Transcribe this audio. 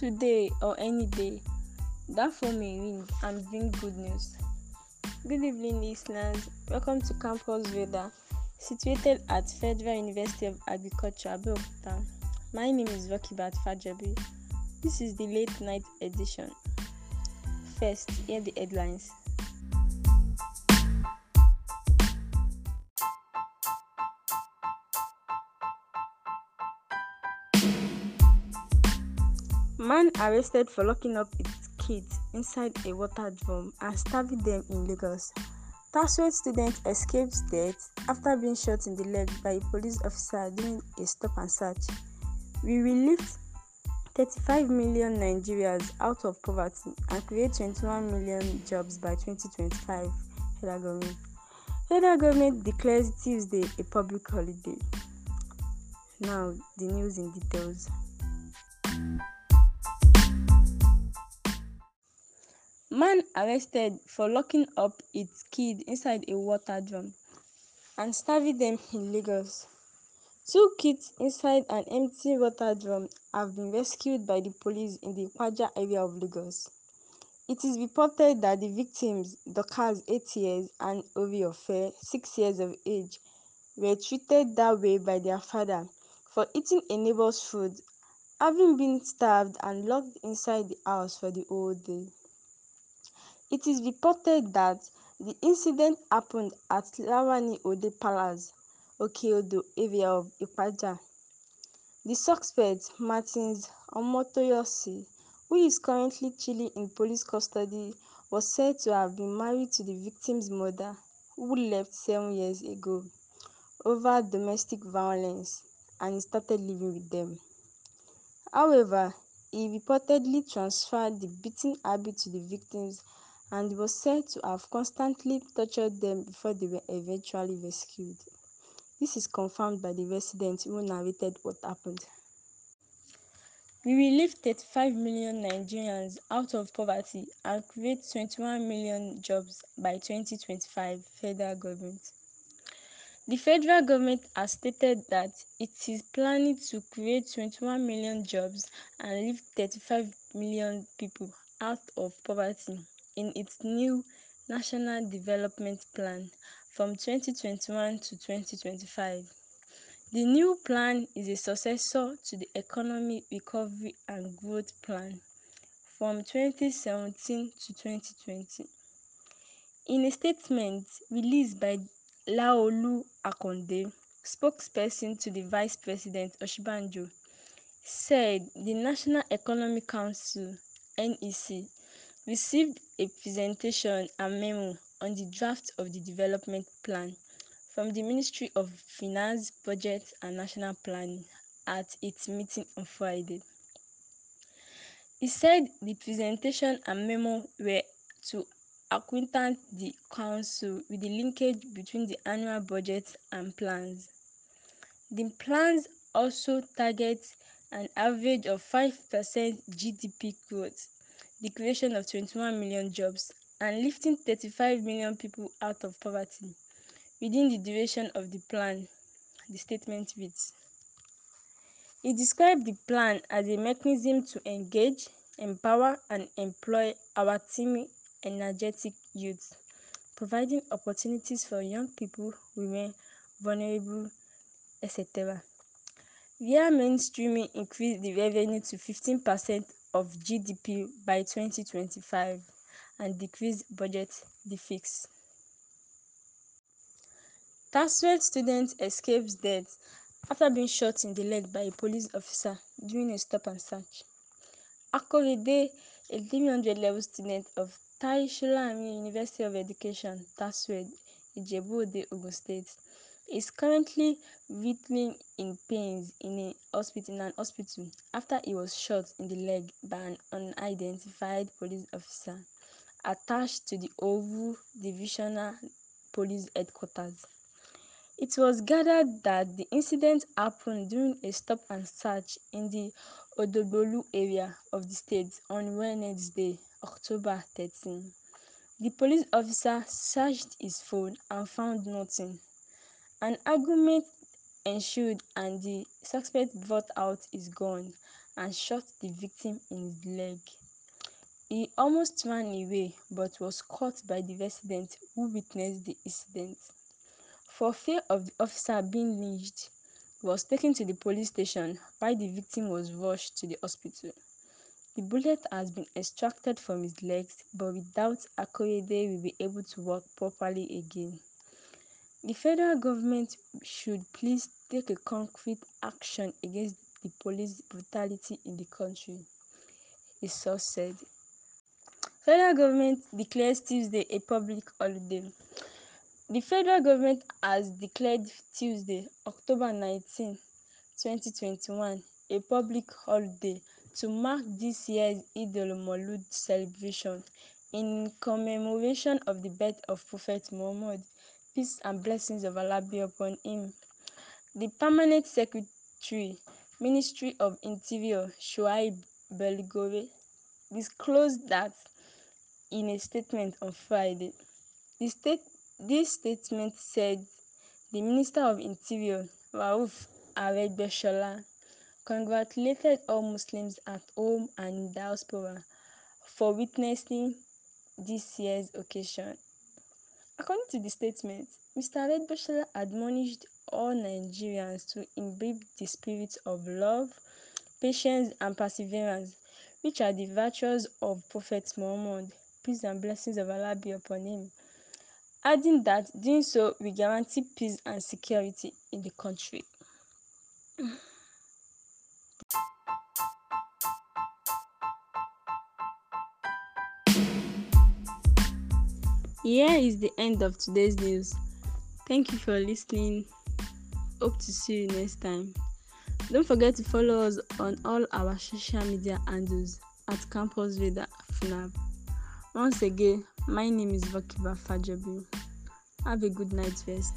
today or any day. That for me ring and bring good news. Good evening, listeners. Welcome to Campus Veda, situated at Federal University of Agriculture, Abeokuta. My name is Bat Fajabi. This is the late night edition. First, hear the headlines. man arrested for locking up his kids inside a water drum and stabbing them in Lagos. Taswed student escapes death after being shot in the leg by a police officer during a stop and search. We relieved 35 million Nigerians out of poverty and create 21 million jobs by 2025, Federal Government. Federal Government declares Tuesday a public holiday. Now, the news in details. Man arrested for locking up its kid inside a water drum and starving them in Lagos. Two kids inside an empty water drum have been rescued by the police in the Kwaja area of Lagos. It is reported that the victims, Dokas, 8 years, and Oriofe, 6 years of age, were treated that way by their father for eating a neighbor's food, having been starved and locked inside the house for the whole day. It is reported that the incident happened at Lavani Ode Palace, Oke-Odo area of Ikeja. The suspect, Martins Omotoyosho, who is currently chilling in police custody, was said to have been married to the victim's mother, who left seven years ago over domestic violence and started living with them. However, he reportedly transferred the beating habit to the victims and was said to have constantly tortured them before they were eventually rescued. This is confirmed by the residents who narrated what happened. We will lift 35 million Nigerians out of poverty and create 21 million jobs by 2025, federal government. The federal government has stated that it is planning to create 21 million jobs and lift 35 million people out of poverty in its new National Development Plan from 2021 to 2025. The new plan is a successor to the economy Recovery and Growth Plan from 2017 to 2020. In a statement released by Laolu Akonde, spokesperson to the Vice President Ọ̀ṣínbàjò, said the National Economic Council (NEC) received a presentation and memo on the draft of the development plan from the Ministry of Finance, Budget and National Planning at its meeting on Friday. He said the presentation and memo were to acquaint the Council with the linkage between the annual budget and plans. The plans also target an average of 5% GDP growth the creation of 21 million jobs and lifting 35 million people out of poverty within the duration of the plan, the statement reads. He described the plan as a mechanism to engage, empower, and employ our team energetic youth, providing opportunities for young people, women, vulnerable, etc. Via mainstreaming increase the revenue to 15% of GDP by 2025 and decrease budget deficits. Taswirat student escapes death after being shot in the leg by a police officer during a stop and search. Akorede, a 300 level student of Tai Solarin University of Education, Taswirat, Ijebu Ode, Ogun State, is currently writhing in pain in a hospital in an hospital after he was shot in the leg by an unidentified police officer attached to the Ovu Divisional Police Headquarters. It was gathered that the incident happened during a stop and search in the Odebolu area of the state on Wednesday, October 13. The police officer searched his phone and found nothing. An argument ensued and the suspect brought out his gun and shot the victim in the leg. He almost ran away but was caught by the resident who witnessed the incident. For fear of the officer being lynched, he was taken to the police station while the victim was rushed to the hospital. The bullet has been extracted from his legs but we doubt they will be able to walk properly again. The federal government should please take a concrete action against the police brutality in the country,” a source said. Federal government declares Tuesday a public holiday The federal government has declared Tuesday, October 19, 2021, a public holiday to mark this year's Eid al-Mawlid celebration in commemoration of the birth of Prophet Muhammad. peace and blessings of Allah be upon him. The Permanent Secretary, Ministry of Interior, Shuai Beligove, disclosed that in a statement on Friday. The state, this statement said the Minister of Interior, Rauf Aregbeshola, congratulated all Muslims at home and diaspora for witnessing this year's occasion According to the statement, Mr. Aretsbesala admonished all Nigerians to imbibe the spirit of love, patience and perseverance, which are the virtues of Prophet Muhammad, peace and blessings of Allah be upon him, adding that doing so will guarantee peace and security in the country. Here is the end of today's news. Thank you for listening. Hope to see you next time. Don't forget to follow us on all our social media handles at Campus Veda FNAB. Once again, my name is Vakiba Fajabi. Have a good night, rest.